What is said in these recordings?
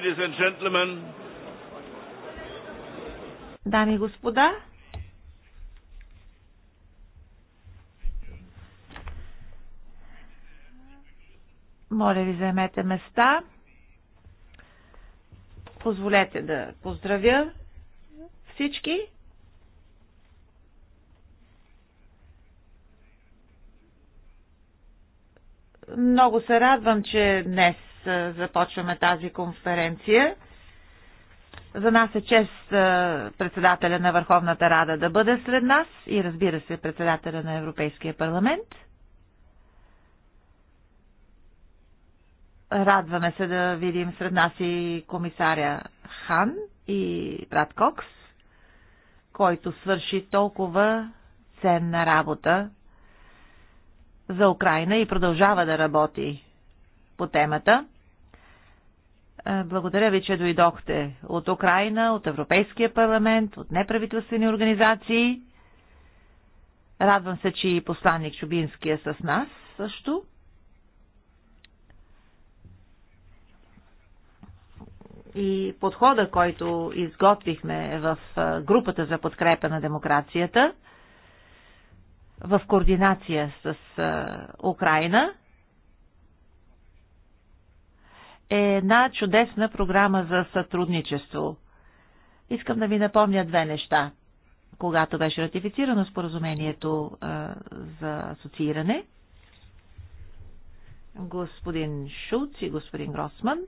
Ladies and gentlemen. Дами и господа, моля ви заемете места. Позволете да поздравя всички. Много се радвам, че днес започваме тази конференция. За нас е чест председателя на Върховната Рада да бъде сред нас и разбира се председателя на Европейския парламент. Радваме се да видим сред нас и комисаря Хан и брат Кокс, който свърши толкова ценна работа за Украина и продължава да работи по темата. Е, благодаря ви, че дойдохте от Украина, от Европейския парламент, от неправителствени организации. Радвам се, че и посланник Чубински е с нас също. И подхода, който изготвихме в е, групата за подкрепа на демокрацията, в координация с е, Украина, е една чудесна програма за сътрудничество. Искам да ви напомня две неща. Когато беше ратифицирано споразумението а, за асоцииране, господин Шуц и господин Гросман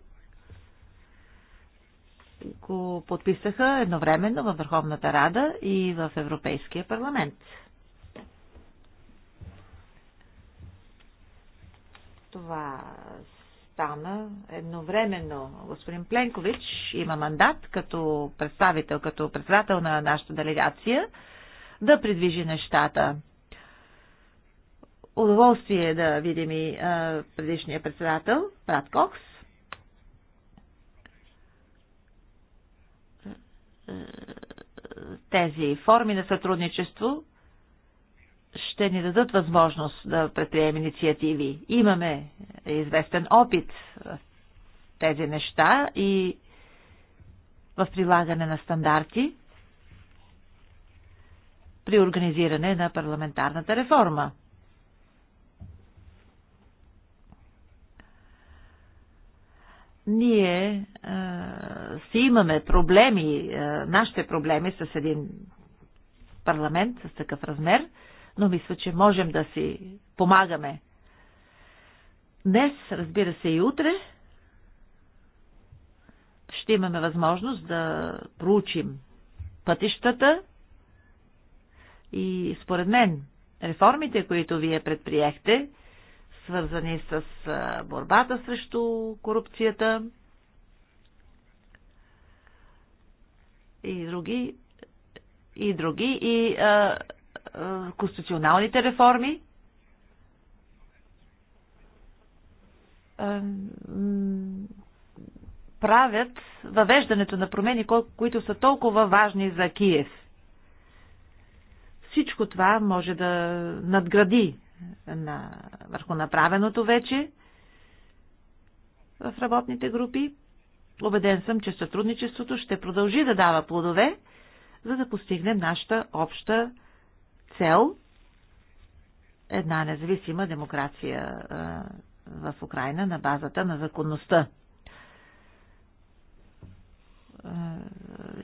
го подписаха едновременно във Върховната Рада и в Европейския парламент. Това стана едновременно. Господин Пленкович има мандат като представител, като председател на нашата делегация да придвижи нещата. Удоволствие е да видим и а, предишния председател, Прат Кокс. Тези форми на сътрудничество ще ни дадат възможност да предприемем инициативи. Имаме известен опит в тези неща и в прилагане на стандарти при организиране на парламентарната реформа. Ние а, е, си имаме проблеми, а, е, нашите проблеми с един парламент с такъв размер, а, но мисля, че можем да си помагаме. Днес, разбира се, и утре ще имаме възможност да проучим пътищата и според мен реформите, които вие предприехте, свързани с борбата срещу корупцията и други, и други, и а, конституционалните реформи. правят въвеждането на промени, които са толкова важни за Киев. Всичко това може да надгради на, върху направеното вече в работните групи. Обеден съм, че сътрудничеството ще продължи да дава плодове, за да постигнем нашата обща цел една независима демокрация в Украина на базата на законността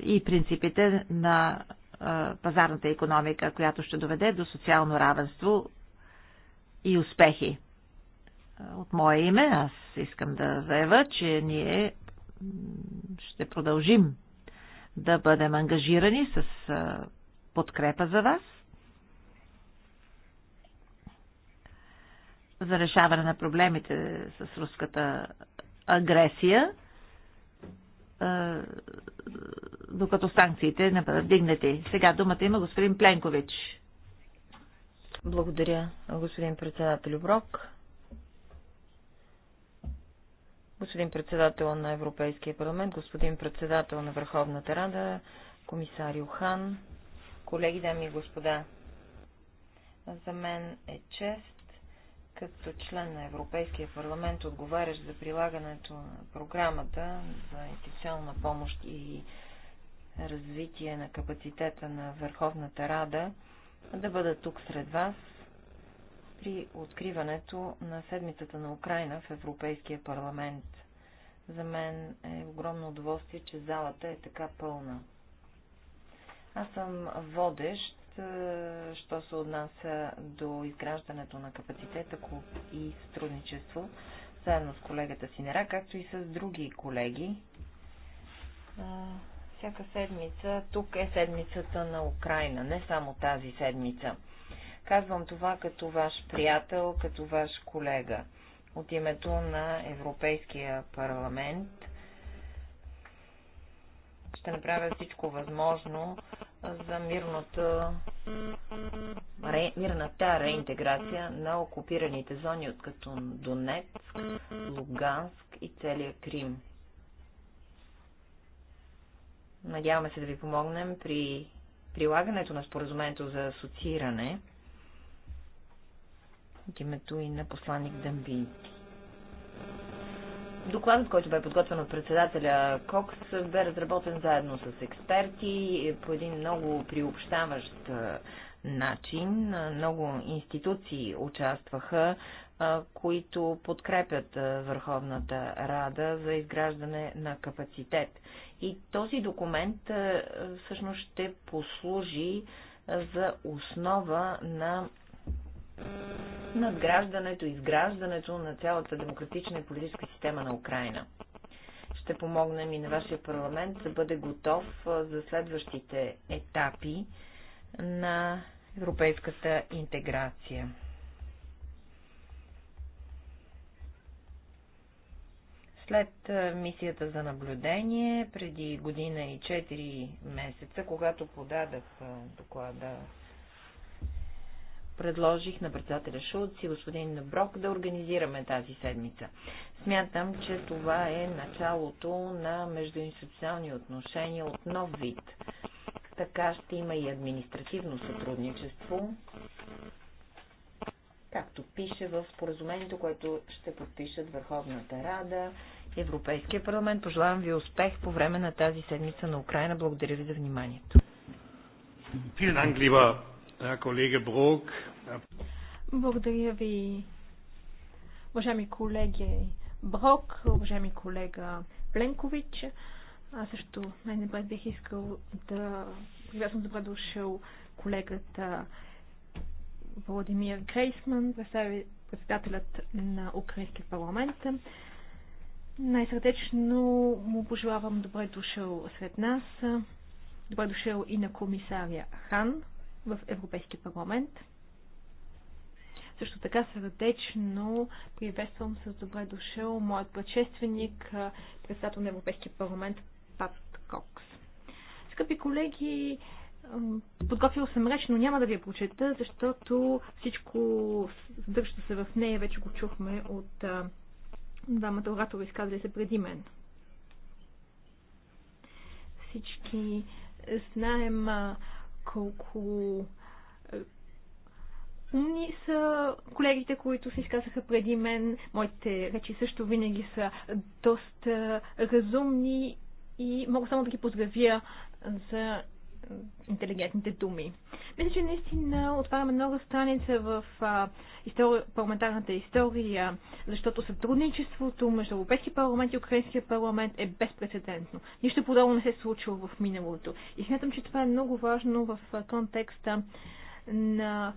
и принципите на пазарната економика, която ще доведе до социално равенство и успехи. От мое име аз искам да заява, че ние ще продължим да бъдем ангажирани с подкрепа за вас за решаване на проблемите с руската агресия, докато санкциите не бъдат дигнати. Сега думата има господин Пленкович. Благодаря, господин председател Брок. Господин председател на Европейския парламент, господин председател на Върховната рада, комисар Йохан, колеги, дами и господа. За мен е чест като член на Европейския парламент, отговарящ за прилагането на програмата за инвестиционна помощ и развитие на капацитета на Върховната Рада, да бъда тук сред вас при откриването на седмицата на Украина в Европейския парламент. За мен е огромно удоволствие, че залата е така пълна. Аз съм водещ що се отнася до изграждането на капацитета и сътрудничество, заедно с колегата Синера, както и с други колеги. Всяка седмица, тук е седмицата на Украина, не само тази седмица. Казвам това като ваш приятел, като ваш колега от името на Европейския парламент. Ще направя всичко възможно за мирното, ре, мирната реинтеграция на окупираните зони от като Донецк, Луганск и целия Крим. Надяваме се да ви помогнем при прилагането на споразумението за асоцииране от името и на посланник Дамбийски. Докладът, който бе подготвен от председателя Кокс, бе разработен заедно с експерти по един много приобщаващ начин. Много институции участваха, които подкрепят Върховната Рада за изграждане на капацитет. И този документ всъщност ще послужи за основа на надграждането, изграждането на цялата демократична и политическа система на Украина. Ще помогнем и на вашия парламент да бъде готов за следващите етапи на европейската интеграция. След мисията за наблюдение, преди година и 4 месеца, когато подадах доклада предложих на председателя Шулц и господин Брок да организираме тази седмица. Смятам, че това е началото на междуинституционални отношения от нов вид. Така ще има и административно сътрудничество, както пише в споразумението, което ще подпишат Върховната Рада, Европейския парламент. Пожелавам ви успех по време на тази седмица на Украина. Благодаря ви за вниманието. Vielen Dank, lieber колега Брок. Благодаря ви, уважаеми колеги Брок, уважаеми колега Пленкович. Аз също най-напред бих искал да приветствам добре дошъл колегата Владимир Грейсман, председателят на Украинския парламент. Най-сърдечно му пожелавам добре дошъл сред нас. Добре дошъл и на комисаря Хан в Европейския парламент. Също така сърдечно приветствам с добре дошъл моят предшественик, председател на Европейския парламент Пат Кокс. Скъпи колеги, подготвил съм реч, но няма да ви я прочета, защото всичко съдържа се в нея вече го чухме от двамата оратори, изказали се преди мен. Всички знаем колко е, умни са колегите, които се изказаха преди мен. Моите речи също винаги са доста разумни и мога само да ги поздравя за интелигентните думи. Мисля, че наистина отваряме много страница в а, история, парламентарната история, защото сътрудничеството между Европейския парламент и Украинския парламент е безпредседентно. Нищо подобно не се е случило в миналото. И смятам, че това е много важно в контекста на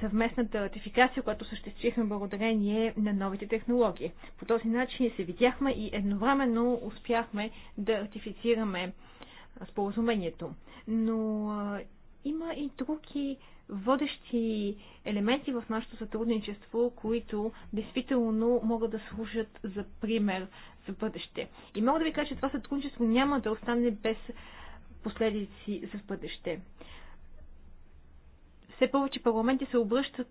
съвместната ратификация, която съществихме благодарение на новите технологии. По този начин се видяхме и едновременно успяхме да ратифицираме споразумението. Но а, има и други водещи елементи в нашето сътрудничество, които действително могат да служат за пример за бъдеще. И мога да ви кажа, че това сътрудничество няма да остане без последици за бъдеще. Все повече парламенти се обръщат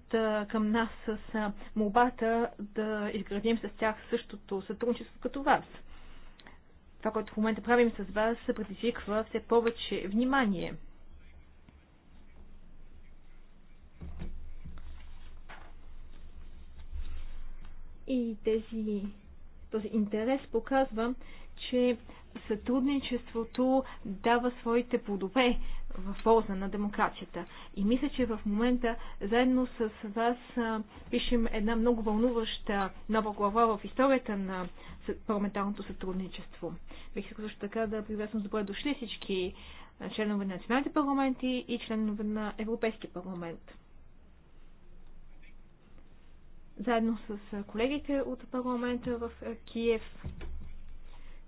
към нас с молбата да изградим с тях същото сътрудничество като вас това, което в момента правим с вас, се предизвиква все повече внимание. И тези, този интерес показва, че сътрудничеството дава своите плодове в полза на демокрацията. И мисля, че в момента заедно с вас пишем една много вълнуваща нова глава в историята на парламентарното сътрудничество. Бих искал също така да приветствам добре дошли всички членове на националните парламенти и членове на Европейския парламент. Заедно с колегите от парламента в Киев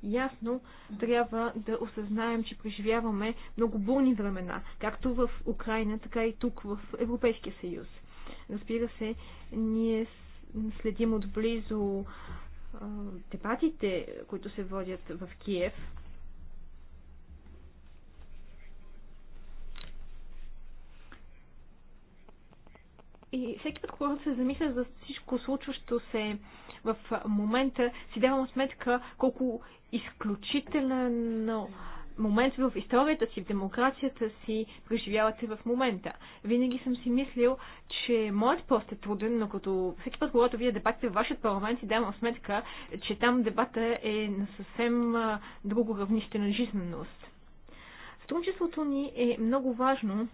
ясно трябва да осъзнаем, че преживяваме много бурни времена, както в Украина, така и тук в Европейския съюз. Разбира се, ние следим отблизо дебатите, които се водят в Киев И всеки път, когато се замисля за всичко случващо се в момента, си давам сметка колко изключителен момент в историята си, в демокрацията си преживявате в момента. Винаги съм си мислил, че моят пост е труден, но като всеки път, когато вие дебатите в вашия парламент, си давам сметка, че там дебата е на съвсем друго равнище на жизненост. Сътрудничеството ни е много важно,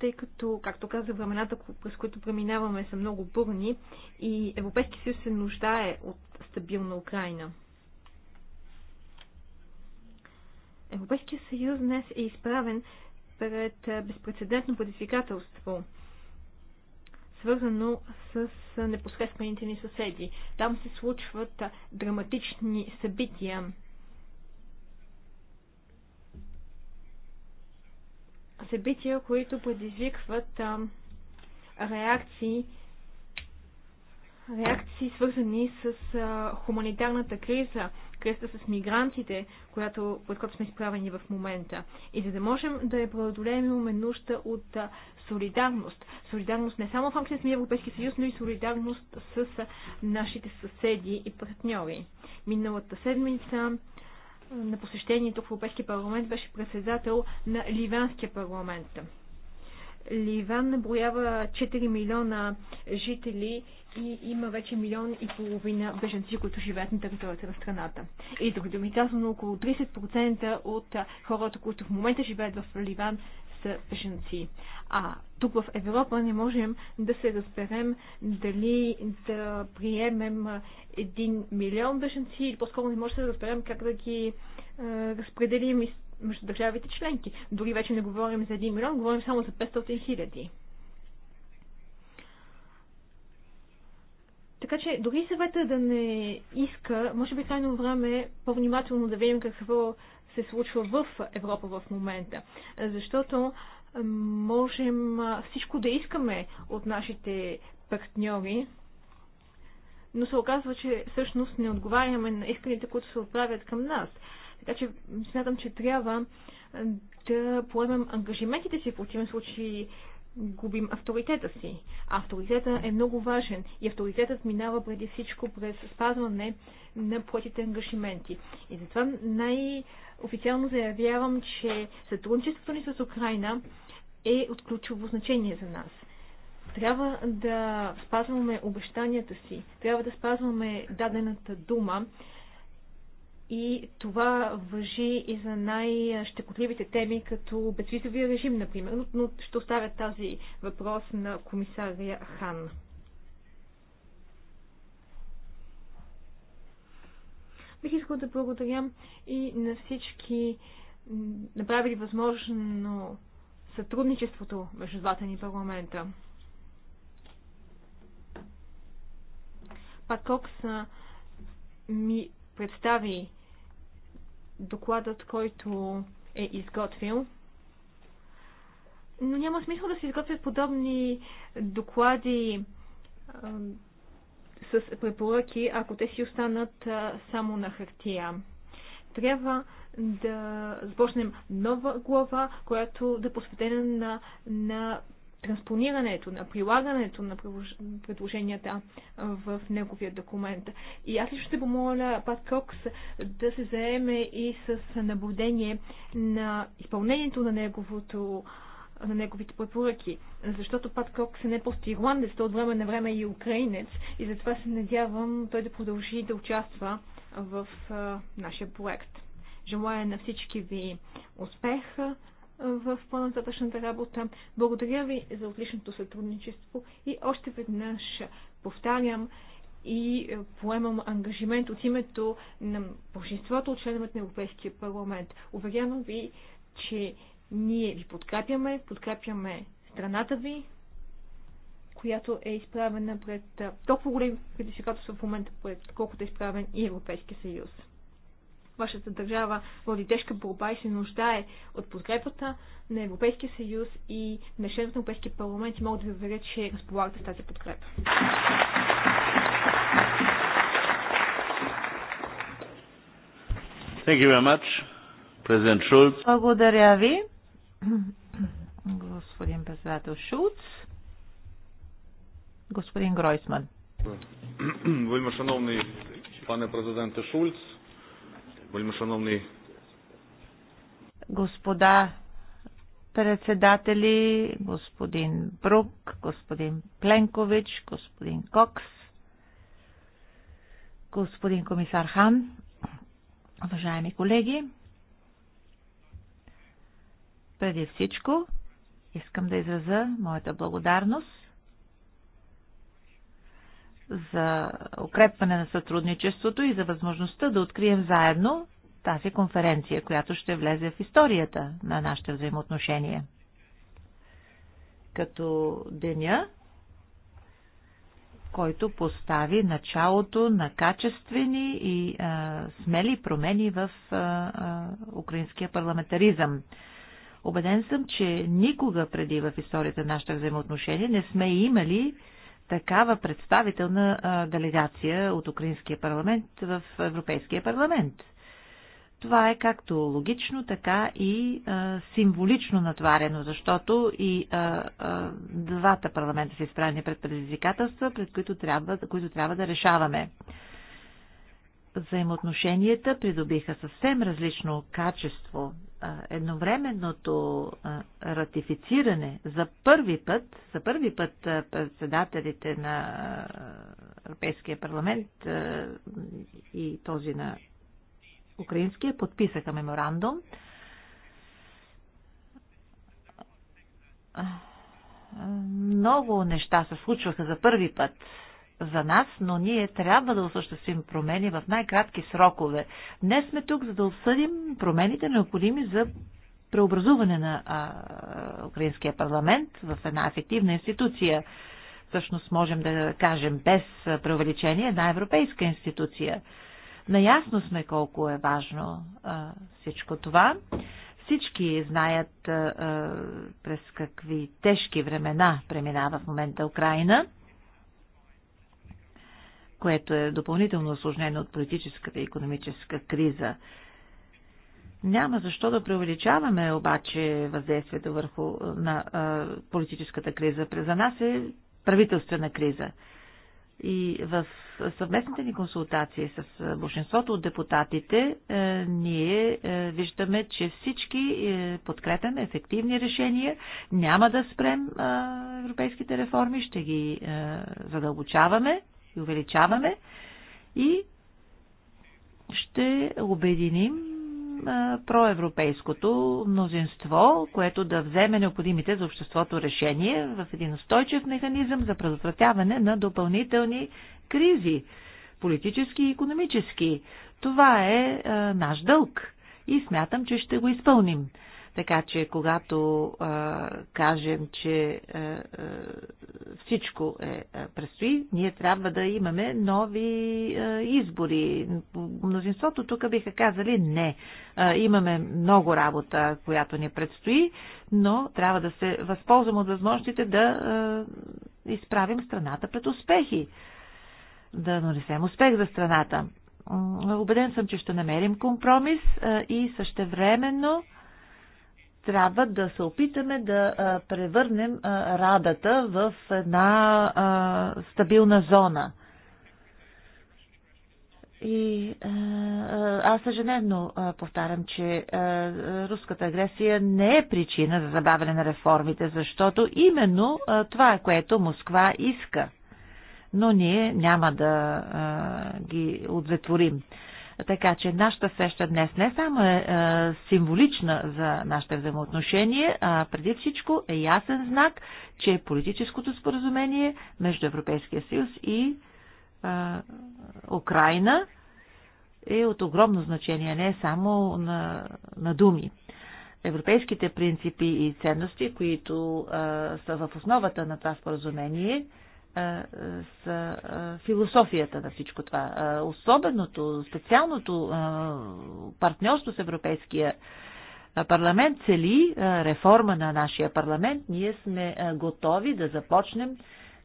тъй като, както казах, времената, през които преминаваме, са много бурни и Европейски съюз се нуждае от стабилна Украина. Европейския съюз днес е изправен пред безпредседентно предизвикателство, свързано с непосредствените ни съседи. Там се случват драматични събития, събития, които предизвикват а, реакции, реакции свързани с а, хуманитарната криза, кризата с мигрантите, която, под която сме изправени в момента. И за да можем да я преодолеем, имаме нужда от а, солидарност. Солидарност не само в рамките на Европейския Европейски съюз, но и солидарност с а, нашите съседи и партньори. Миналата седмица на посещение тук в Европейския парламент беше председател на Ливанския парламент. Ливан наброява 4 милиона жители и има вече милион и половина беженци, които живеят на територията на страната. И други думи казано, около 30% от хората, които в момента живеят в Ливан, са женци. А тук в Европа не можем да се разберем дали да приемем един милион беженци или по-скоро не можем да се разберем как да ги е, разпределим между държавите членки. Дори вече не говорим за един милион, говорим само за 500 хиляди. Така че дори съвета да не иска, може би е крайно време по-внимателно да видим какво се случва в Европа в момента. Защото можем всичко да искаме от нашите партньори, но се оказва, че всъщност не отговаряме на исканите, които се отправят към нас. Така че смятам, че трябва да поемем ангажиментите си, в противен случай губим авторитета си. Авторитета е много важен и авторитетът минава преди всичко през спазване на платите ангажименти. И затова най- официално заявявам, че сътрудничеството ни с Украина е от ключово значение за нас. Трябва да спазваме обещанията си, трябва да спазваме дадената дума и това въжи и за най-щекотливите теми, като безвизовия режим, например, но ще оставя тази въпрос на комисария Хан. Бих искал да благодаря и на всички направили възможно сътрудничеството между двата ни парламента. Пак Кокс ми представи докладът, който е изготвил. Но няма смисъл да се изготвят подобни доклади с препоръки, ако те си останат само на хартия. Трябва да започнем нова глава, която да е посветена на, на транспонирането, на прилагането на предложенията в неговия документ. И аз лично ще помоля Пат Кокс да се заеме и с наблюдение на изпълнението на неговото на неговите препоръки. Защото Пат Кокс е не просто ирландец, той от време на време е и украинец и затова се надявам той да продължи да участва в а, нашия проект. Желая на всички ви успех в по-нататъчната работа. Благодаря ви за отличното сътрудничество и още веднъж повтарям и поемам ангажимент от името на большинството от членовете на Европейския парламент. Уверявам ви, че ние ви подкрепяме, подкрепяме страната ви, която е изправена пред толкова големи предизвикателства в момента, пред колкото е изправен и Европейския съюз. Вашата държава води тежка борба и се нуждае от подкрепата на Европейския съюз и на членовете на Европейския парламент и могат да ви уверя, че разполагате с тази подкрепа. Thank you very much, Благодаря ви. Господин председател Шулц. Господин Гройсман. Вельмишановний пане президенте Шульц, вельмишановний господа председатели, господин Брук, господин Пленкович, господин Кокс, господин комисар Хан, уважаеми колеги, преди всичко, искам да изразя моята благодарност за укрепване на сътрудничеството и за възможността да открием заедно тази конференция, която ще влезе в историята на нашите взаимоотношения. Като деня, който постави началото на качествени и а, смели промени в а, а, украинския парламентаризъм. Обеден съм, че никога преди в историята на нашите взаимоотношения не сме имали такава представителна делегация от Украинския парламент в Европейския парламент. Това е както логично, така и а, символично натварено, защото и а, а, двата парламента са изправени пред предизвикателства, пред които трябва, които трябва да решаваме. Взаимоотношенията придобиха съвсем различно качество едновременното ратифициране за първи път, за първи път председателите на Европейския парламент и този на Украинския подписаха меморандум. Много неща се случваха за първи път за нас, но ние трябва да осъществим промени в най-кратки срокове. Днес сме тук, за да обсъдим промените необходими за преобразуване на а, Украинския парламент в една ефективна институция. Всъщност можем да кажем без преувеличение една европейска институция. Наясно сме колко е важно а, всичко това. Всички знаят а, а, през какви тежки времена преминава в момента Украина – което е допълнително осложнено от политическата и економическа криза. Няма защо да преувеличаваме обаче въздействието върху на а, политическата криза. За нас е правителствена криза. И в съвместните ни консултации с большинството от депутатите, е, ние е, виждаме, че всички е, подкрепяме ефективни решения, няма да спрем е, европейските реформи, ще ги е, задълбочаваме и увеличаваме и ще обединим проевропейското мнозинство, което да вземе необходимите за обществото решение в един устойчив механизъм за предотвратяване на допълнителни кризи, политически и економически. Това е наш дълг и смятам, че ще го изпълним. Така че, когато а, кажем, че а, а, всичко е, а, предстои, ние трябва да имаме нови а, избори. Мнозинството тук биха казали не. А, имаме много работа, която ни предстои, но трябва да се възползваме от възможностите да а, изправим страната пред успехи. Да нанесем успех за страната. Убеден съм, че ще намерим компромис а, и същевременно времено трябва да се опитаме да превърнем радата в една стабилна зона. И аз съжаленно повтарям, че руската агресия не е причина за забавяне на реформите, защото именно това е което Москва иска. Но ние няма да ги удовлетворим. Така че нашата среща днес не само е, е символична за нашите взаимоотношения, а преди всичко е ясен знак, че политическото споразумение между Европейския съюз и е, Украина е от огромно значение, не само на, на думи. Европейските принципи и ценности, които е, са в основата на това споразумение, е, с философията на всичко това. Особеното, специалното партньорство с Европейския парламент цели реформа на нашия парламент. Ние сме готови да започнем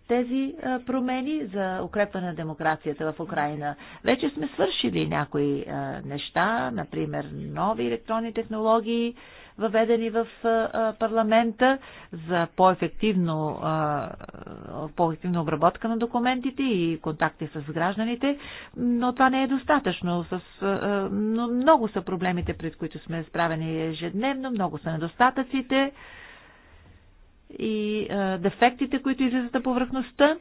тези промени за укрепване на демокрацията в Украина. Вече сме свършили някои неща, например нови електронни технологии, въведени в парламента за по-ефективно, по-ефективна обработка на документите и контакти с гражданите, но това не е достатъчно. С, но много са проблемите, пред които сме справени ежедневно, много са недостатъците и дефектите, които излизат на повърхността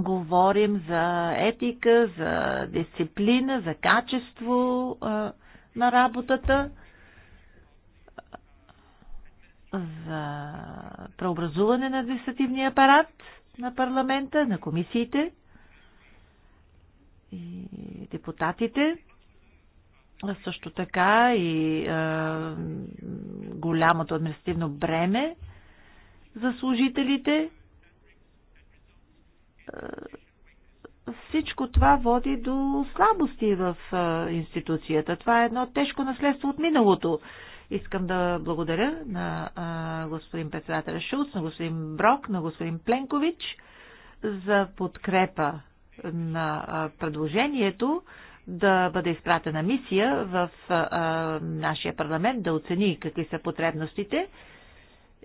говорим за етика, за дисциплина, за качество а, на работата за преобразуване на административния апарат на парламента, на комисиите и депутатите, а също така и е, голямото административно бреме за служителите. Всичко това води до слабости в институцията. Това е едно тежко наследство от миналото. Искам да благодаря на а, господин председателя Шулц, на господин Брок, на господин Пленкович за подкрепа на а, предложението да бъде изпратена мисия в а, нашия парламент, да оцени какви са потребностите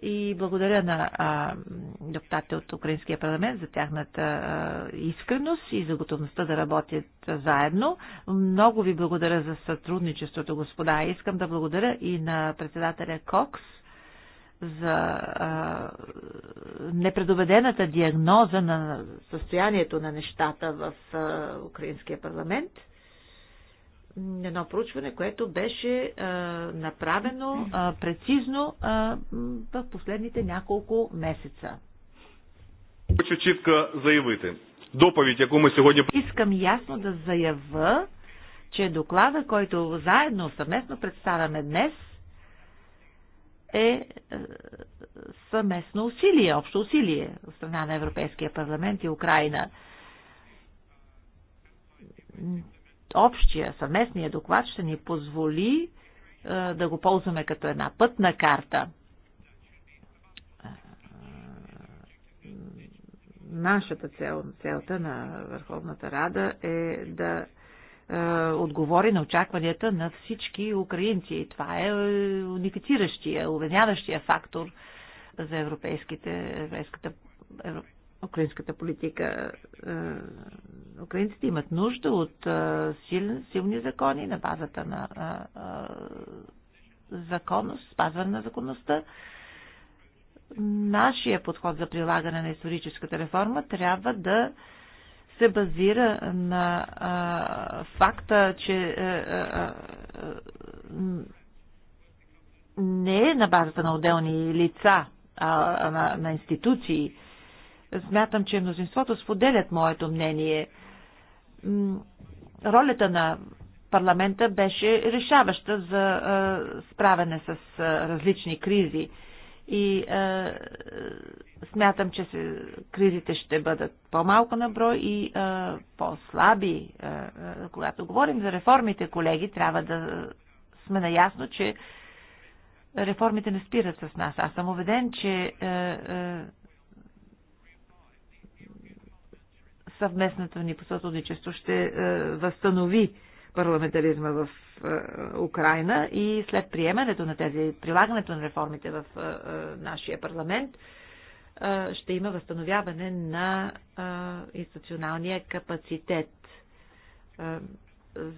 и благодаря на депутатите от Украинския парламент за тяхната а, искреност и за готовността да работят заедно. Много ви благодаря за сътрудничеството, господа. Искам да благодаря и на председателя Кокс за а, непредобедената диагноза на състоянието на нещата в а, Украинския парламент – едно проучване, което беше а, направено а, прецизно а, в последните няколко месеца. Хочу чітко заявити. Доповідь, яку ми сьогодні... Искам ясно да заявя, че доклада, който заедно, съвместно представяме днес, е, е съвместно усилие, общо усилие от страна на Европейския парламент и Украина общия съвместния доклад ще ни позволи е, да го ползваме като една пътна карта. Е, нашата цел, целта на Върховната Рада е да е, отговори на очакванията на всички украинци. Това е унифициращия, уведняващия фактор за европейските, европейската, украинската политика. Е, украинците имат нужда от е, силни, силни закони на базата на е, законност, спазване на законността. Нашия подход за прилагане на историческата реформа трябва да се базира на а, факта, че а, а, не е на базата на отделни лица, а на, на институции. Смятам, че мнозинството споделят моето мнение. Ролята на парламента беше решаваща за справяне с различни кризи и е, смятам, че се, кризите ще бъдат по-малко на брой и е, по-слаби. Е, е, когато говорим за реформите, колеги, трябва да сме наясно, че реформите не спират с нас. Аз съм убеден, че е, съвместното ни посътрудничество ще е, възстанови парламентаризма в е, Украина и след приемането на тези, прилагането на реформите в е, нашия парламент, ще има възстановяване на институционалния капацитет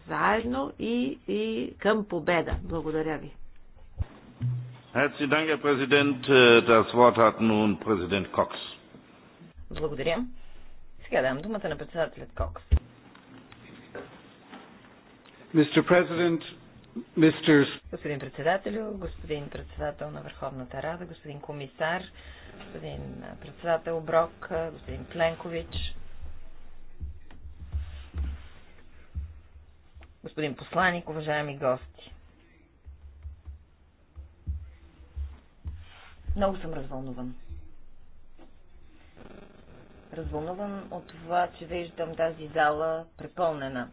заедно и, и към победа. Благодаря ви. Herzlichen Dank, äh, Das Wort hat nun Благодаря. Сега давам думата на председателят Кокс. Mr. President, Mr. Господин председател, господин председател на Върховната Рада, господин комисар, господин председател Брок, господин Пленкович, господин посланик, уважаеми гости. Много съм развълнуван развълнувам от това, че виждам тази зала препълнена,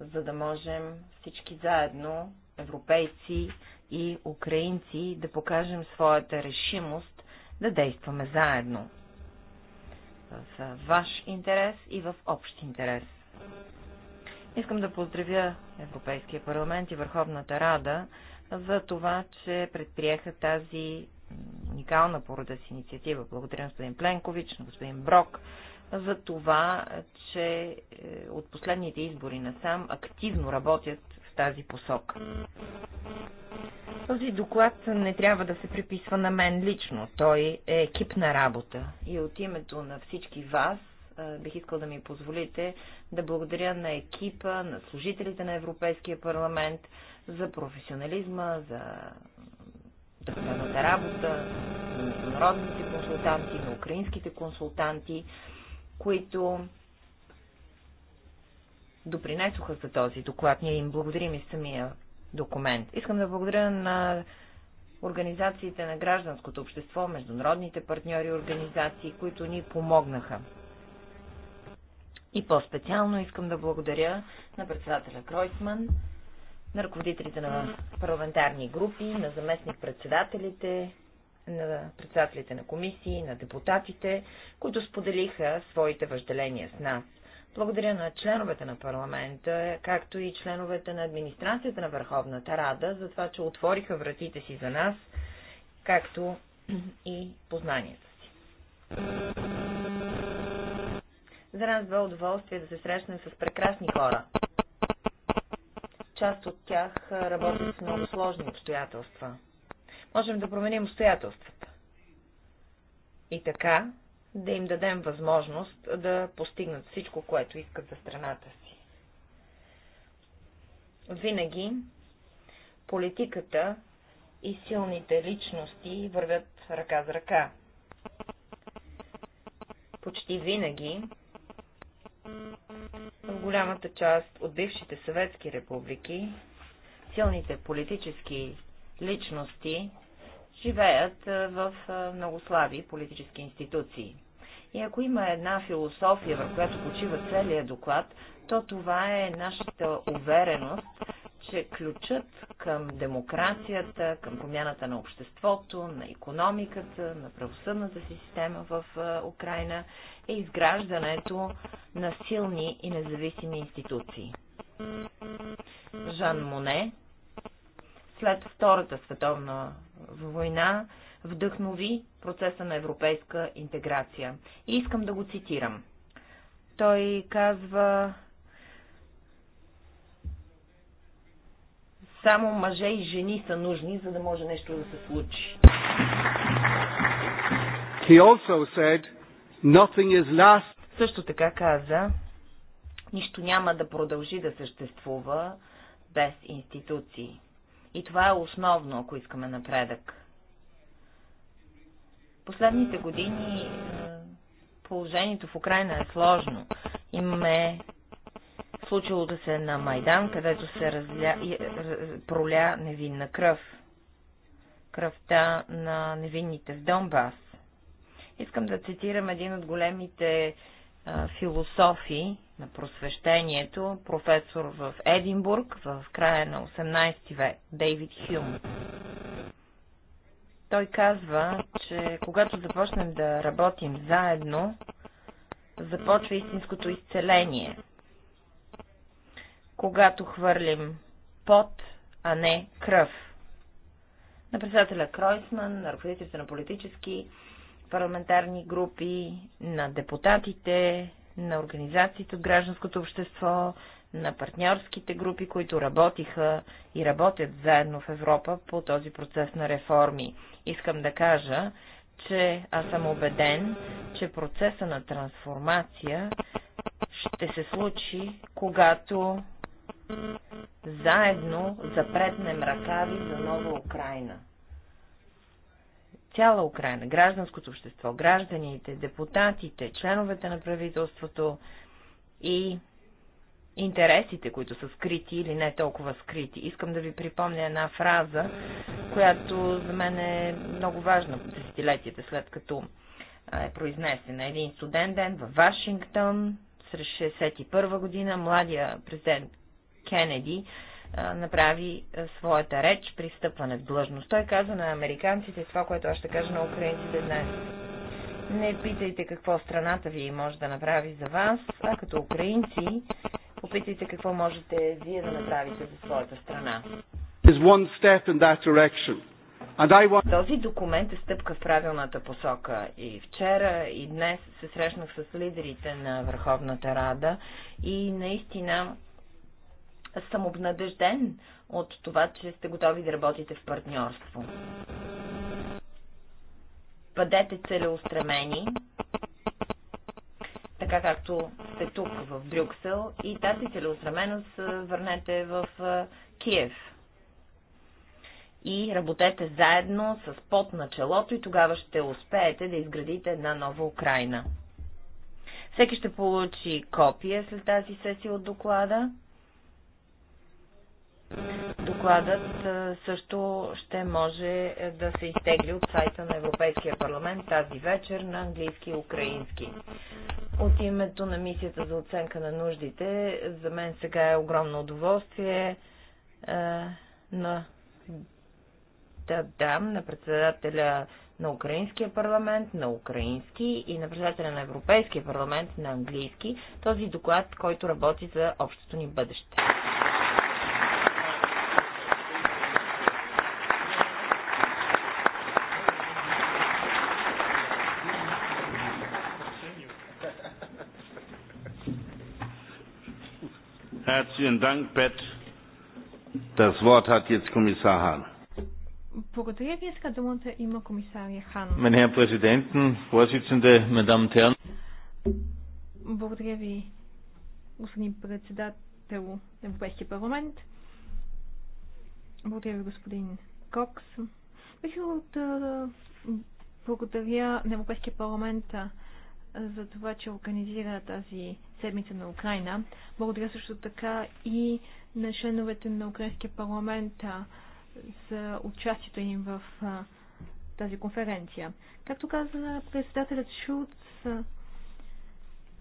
за да можем всички заедно, европейци и украинци, да покажем своята решимост да действаме заедно. В ваш интерес и в общ интерес. Искам да поздравя Европейския парламент и Върховната Рада за това, че предприеха тази уникална порода си инициатива. Благодаря на господин Пленкович, на господин Брок за това, че е, от последните избори насам активно работят в тази посока. Този доклад не трябва да се приписва на мен лично. Той е екипна работа. И от името на всички вас е, бих искал да ми позволите да благодаря на екипа, на служителите на Европейския парламент за професионализма, за тъкмената работа, на международните консултанти, на украинските консултанти, които допринесоха за този доклад. Ние им благодарим и самия документ. Искам да благодаря на организациите на гражданското общество, международните партньори и организации, които ни помогнаха. И по-специално искам да благодаря на председателя Кройсман, на ръководителите на парламентарни групи, на заместник-председателите, на председателите на комисии, на депутатите, които споделиха своите въжделения с нас. Благодаря на членовете на парламента, както и членовете на администрацията на Върховната Рада, за това, че отвориха вратите си за нас, както и познанията си. За нас бе удоволствие да се срещнем с прекрасни хора, Част от тях работят с много сложни обстоятелства. Можем да променим обстоятелствата. И така да им дадем възможност да постигнат всичко, което искат за страната си. Винаги политиката и силните личности вървят ръка за ръка. Почти винаги голямата част от бившите съветски републики, силните политически личности живеят в много слаби политически институции. И ако има една философия, в която почива целият доклад, то това е нашата увереност, че ключът към демокрацията, към промяната на обществото, на економиката, на правосъдната си система в Украина е изграждането на силни и независими институции. Жан Моне след Втората световна война вдъхнови процеса на европейска интеграция. И искам да го цитирам. Той казва, Само мъже и жени са нужни, за да може нещо да се случи. He also said, Nothing is last. Също така каза, нищо няма да продължи да съществува без институции. И това е основно, ако искаме напредък. Последните години е, положението в Украина е сложно. Имаме случилото се на Майдан, където се разля... Е, проля невинна кръв. Кръвта на невинните в Донбас. Искам да цитирам един от големите а, философи на просвещението, професор в Единбург в края на 18 век, Дейвид Хюм. Той казва, че когато започнем да работим заедно, започва истинското изцеление, когато хвърлим пот, а не кръв. На председателя Кройсман, на ръководителите на политически парламентарни групи, на депутатите, на организациите от гражданското общество, на партньорските групи, които работиха и работят заедно в Европа по този процес на реформи. Искам да кажа, че аз съм убеден, че процеса на трансформация ще се случи, когато заедно запретнем ръкави за нова Украина. Цяла Украина, гражданското общество, гражданите, депутатите, членовете на правителството и интересите, които са скрити или не толкова скрити. Искам да ви припомня една фраза, която за мен е много важна десетилетията след като е произнесена. Един студен ден в Вашингтон, сред 61 година, младия президент Кенеди направи своята реч при стъпване в длъжност. Той каза на американците това, което аз ще кажа на украинците днес. Не питайте какво страната ви може да направи за вас, а като украинци попитайте какво можете вие да направите за своята страна. Този документ е стъпка в правилната посока. И вчера, и днес се срещнах с лидерите на Върховната Рада и наистина съм обнадежден от това, че сте готови да работите в партньорство. Бъдете целеустремени, така както сте тук в Брюксел и тази целеустременост върнете в Киев. И работете заедно с пот на челото и тогава ще успеете да изградите една нова Украина. Всеки ще получи копия след тази сесия от доклада. Докладът също ще може е, да се изтегли от сайта на Европейския парламент тази вечер на английски и украински. От името на мисията за оценка на нуждите, за мен сега е огромно удоволствие е, на, да дам на председателя на Украинския парламент, на украински и на председателя на Европейския парламент на английски този доклад, който работи за общото ни бъдеще. Herzlichen Dank, Pat. Das Wort hat jetzt Kommissar Hahn. Благодаря ви. Иска думата има комисария Хан. Meine Herren Präsidenten, Vorsitzende, meine Damen und Herren. Благодаря ви, господин председател на Европейския парламент. Благодаря ви, господин Кокс. Бих да благодаря на Европейския парламент за това, че организира тази седмица на Украина. Благодаря също така и на членовете на Украинския парламент за участието им в тази конференция. Както каза председателят Шулц,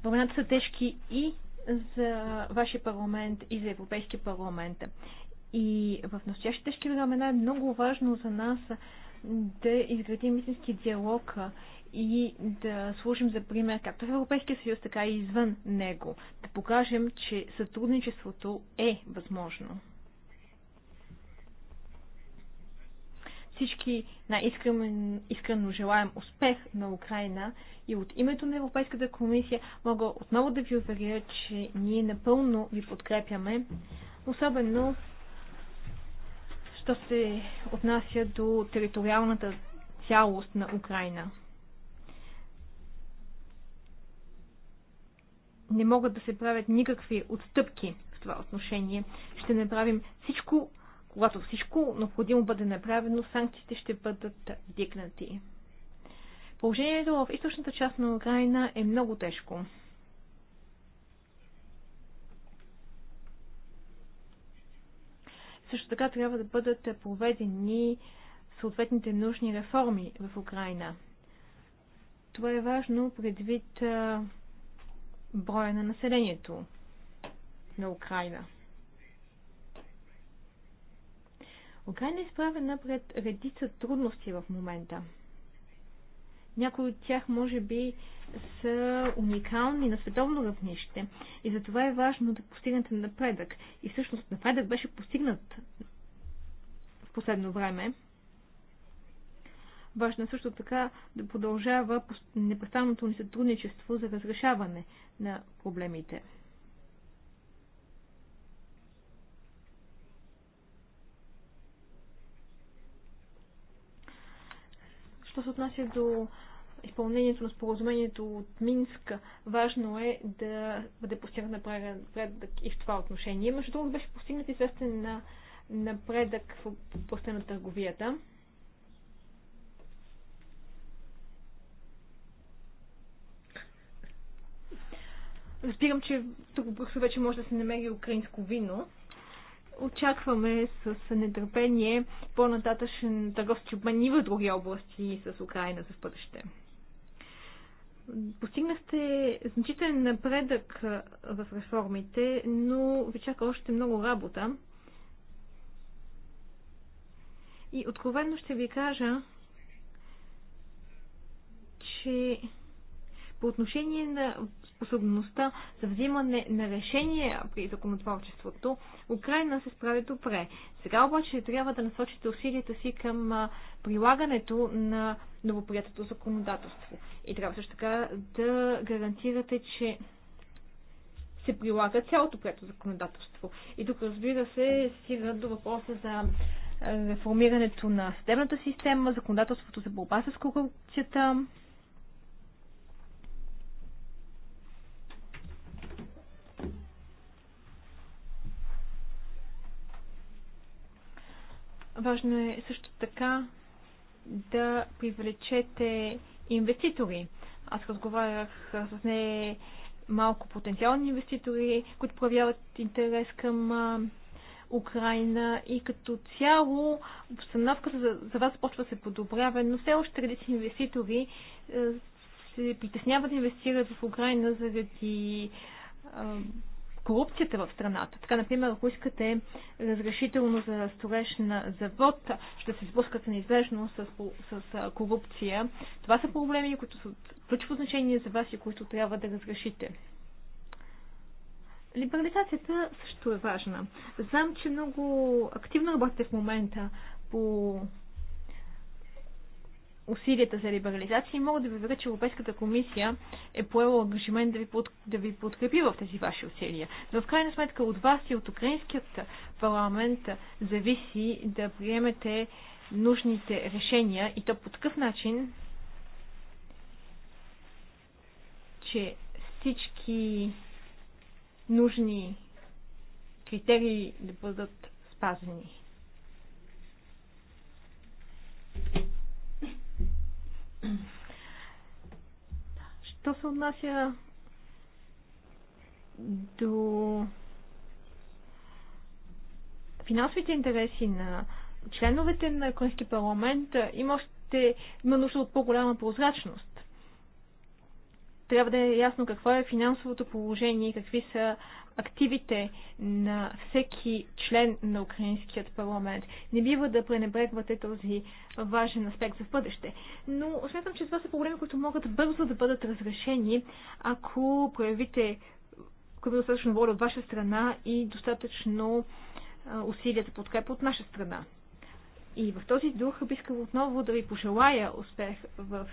времената са тежки и за вашия парламент и за Европейския парламент. И в настоящите тежки времена е много важно за нас да изградим истински диалог и да служим за пример както в Европейския съюз, така и извън него. Да покажем, че сътрудничеството е възможно. Всички най-искрено желаем успех на Украина и от името на Европейската комисия мога отново да ви уверя, че ние напълно ви подкрепяме, особено що се отнася до териториалната цялост на Украина. не могат да се правят никакви отстъпки в това отношение. Ще направим всичко, когато всичко необходимо бъде направено, санкциите ще бъдат вдигнати. Положението в източната част на Украина е много тежко. Също така трябва да бъдат проведени съответните нужни реформи в Украина. Това е важно предвид броя на населението на Украина. Украина е изправена пред редица трудности в момента. Някои от тях може би са уникални на световно равнище и затова е важно да постигнете напредък. И всъщност напредък беше постигнат в последно време. Важно е също така да продължава непрестанното ни сътрудничество за разрешаване на проблемите. Що се отнася до изпълнението на споразумението от Минск, важно е да бъде постигнат напредък и в това отношение. Между другото беше постигнат известен напредък в областта на търговията. Разбирам, че тук бързо вече може да се намери украинско вино. Очакваме с нетърпение по-нататъчен търговски обмен и в други области с Украина за в бъдеще. Постигнахте значителен напредък в реформите, но ви чака още много работа. И откровенно ще ви кажа, че по отношение на способността за взимане на решения при законотворчеството, Украина се справи добре. Сега обаче трябва да насочите усилията си към прилагането на новоприятото законодателство. И трябва също така да гарантирате, че се прилага цялото прието законодателство. И тук, разбира се, стига до въпроса за реформирането на съдебната система, законодателството за борба с корупцията, Важно е също така да привлечете инвеститори. Аз разговарях с не малко потенциални инвеститори, които проявяват интерес към Украина и като цяло обстановката за, за вас почва да се подобрява, но все още редици инвеститори се притесняват да инвестират в Украина заради корупцията в страната. Така, например, ако искате разрешително за строеж на завод, ще се спускат неизбежно с, с, с корупция. Това са проблеми, които са ключово значение за вас и които трябва да разрешите. Либерализацията също е важна. Знам, че много активно работите в момента по усилията за либерализация и мога да ви уверя, че Европейската комисия е поела ангажимент да ви, под, да ви подкрепи в тези ваши усилия. Но в крайна сметка от вас и от украинският парламент зависи да приемете нужните решения и то по такъв начин, че всички нужни критерии да бъдат спазени. Що се отнася до финансовите интереси на членовете на Конски парламент, има още има нужда от по-голяма прозрачност трябва да е ясно какво е финансовото положение и какви са активите на всеки член на Украинският парламент. Не бива да пренебрегвате този важен аспект за в бъдеще. Но смятам, че това са проблеми, които могат бързо да бъдат разрешени, ако проявите ако е достатъчно воля от ваша страна и достатъчно усилия да подкрепа от наша страна. И в този дух бих искал отново да ви пожелая успех в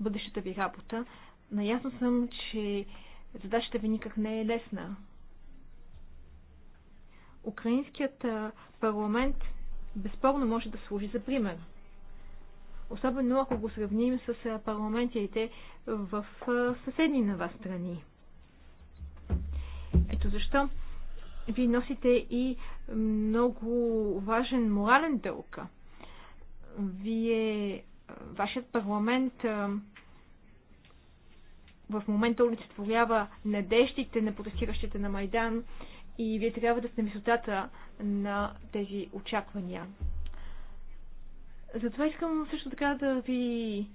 бъдещата ви работа. Наясно съм, че задачата ви никак не е лесна. Украинският парламент безспорно може да служи за пример. Особено ако го сравним с парламентите в съседни на вас страни. Ето защо ви носите и много важен морален дълг. Вие, вашият парламент в момента олицетворява надеждите на протестиращите на Майдан и вие трябва да сте на висотата на тези очаквания. Затова искам също така да ви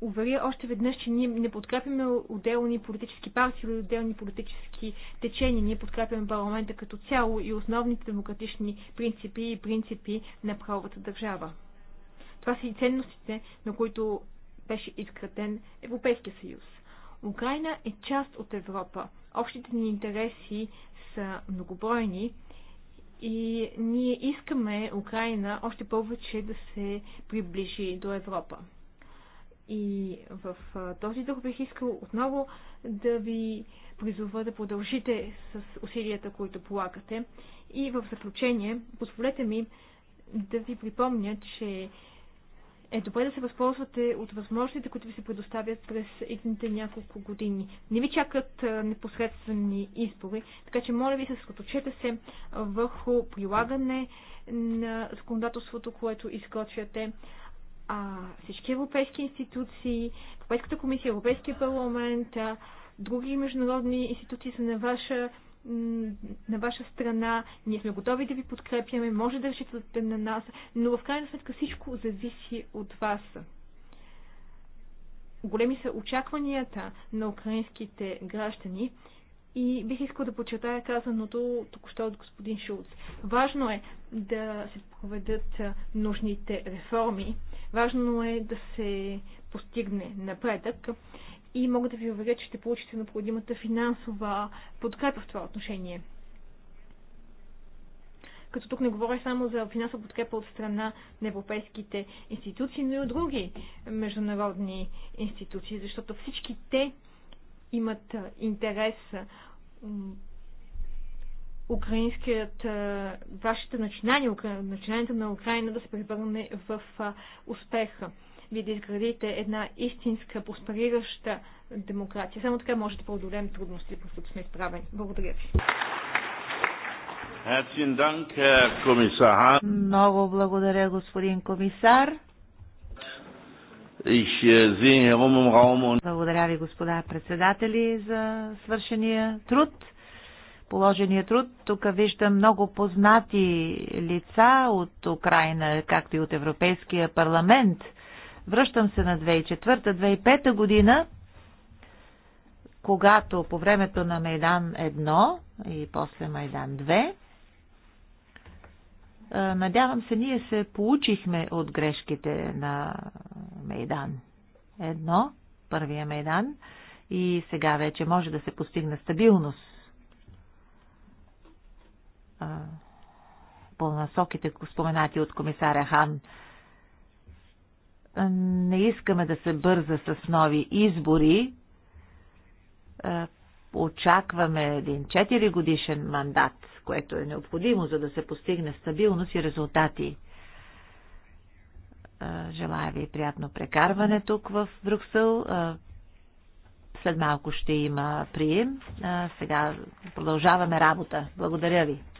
уверя още веднъж, че ние не подкрепяме отделни политически партии или отделни политически течения. Ние подкрепяме парламента като цяло и основните демократични принципи и принципи на правовата държава. Това са и ценностите, на които беше изкратен Европейския съюз. Украина е част от Европа. Общите ни интереси са многобройни и ние искаме Украина още повече да се приближи до Европа. И в този дух бих искал отново да ви призова да продължите с усилията, които полагате. И в заключение, позволете ми да ви припомня, че е добре да се възползвате от възможностите, които ви се предоставят през едните няколко години. Не ви чакат непосредствени избори, така че моля ви, съсредоточете се върху прилагане на законодателството, което изготвяте. А всички европейски институции, Европейската комисия, Европейския парламент, други международни институции са на ваша на ваша страна, ние сме готови да ви подкрепяме, може да разчитате на нас, но в крайна сметка всичко зависи от вас. Големи са очакванията на украинските граждани и бих искал да подчертая казаното току-що от господин Шулц. Важно е да се проведат нужните реформи, важно е да се постигне напредък и мога да ви уверя, че ще получите необходимата финансова подкрепа в това отношение. Като тук не говоря само за финансова подкрепа от страна на европейските институции, но и от други международни институции, защото всички те имат интерес украинският, вашите начинания, начинанията на Украина да се превърне в успеха вие да изградите една истинска, просперираща демокрация. Само така може да преодолеем трудности, по които сме изправени. Благодаря ви. Много благодаря, господин комисар. Äh, благодаря ви, господа председатели, за свършения труд, положения труд. Тук виждам много познати лица от Украина, както и от Европейския парламент – Връщам се на 2004-2005 година, когато по времето на Майдан 1 и после Майдан 2, надявам се, ние се получихме от грешките на Майдан 1, първия Майдан, и сега вече може да се постигне стабилност по насоките, споменати от комисаря Хан не искаме да се бърза с нови избори. Е, очакваме един 4 годишен мандат, което е необходимо, за да се постигне стабилност и резултати. Е, желая ви приятно прекарване тук в Брюксел. Е, след малко ще има прием. Сега продължаваме работа. Благодаря ви.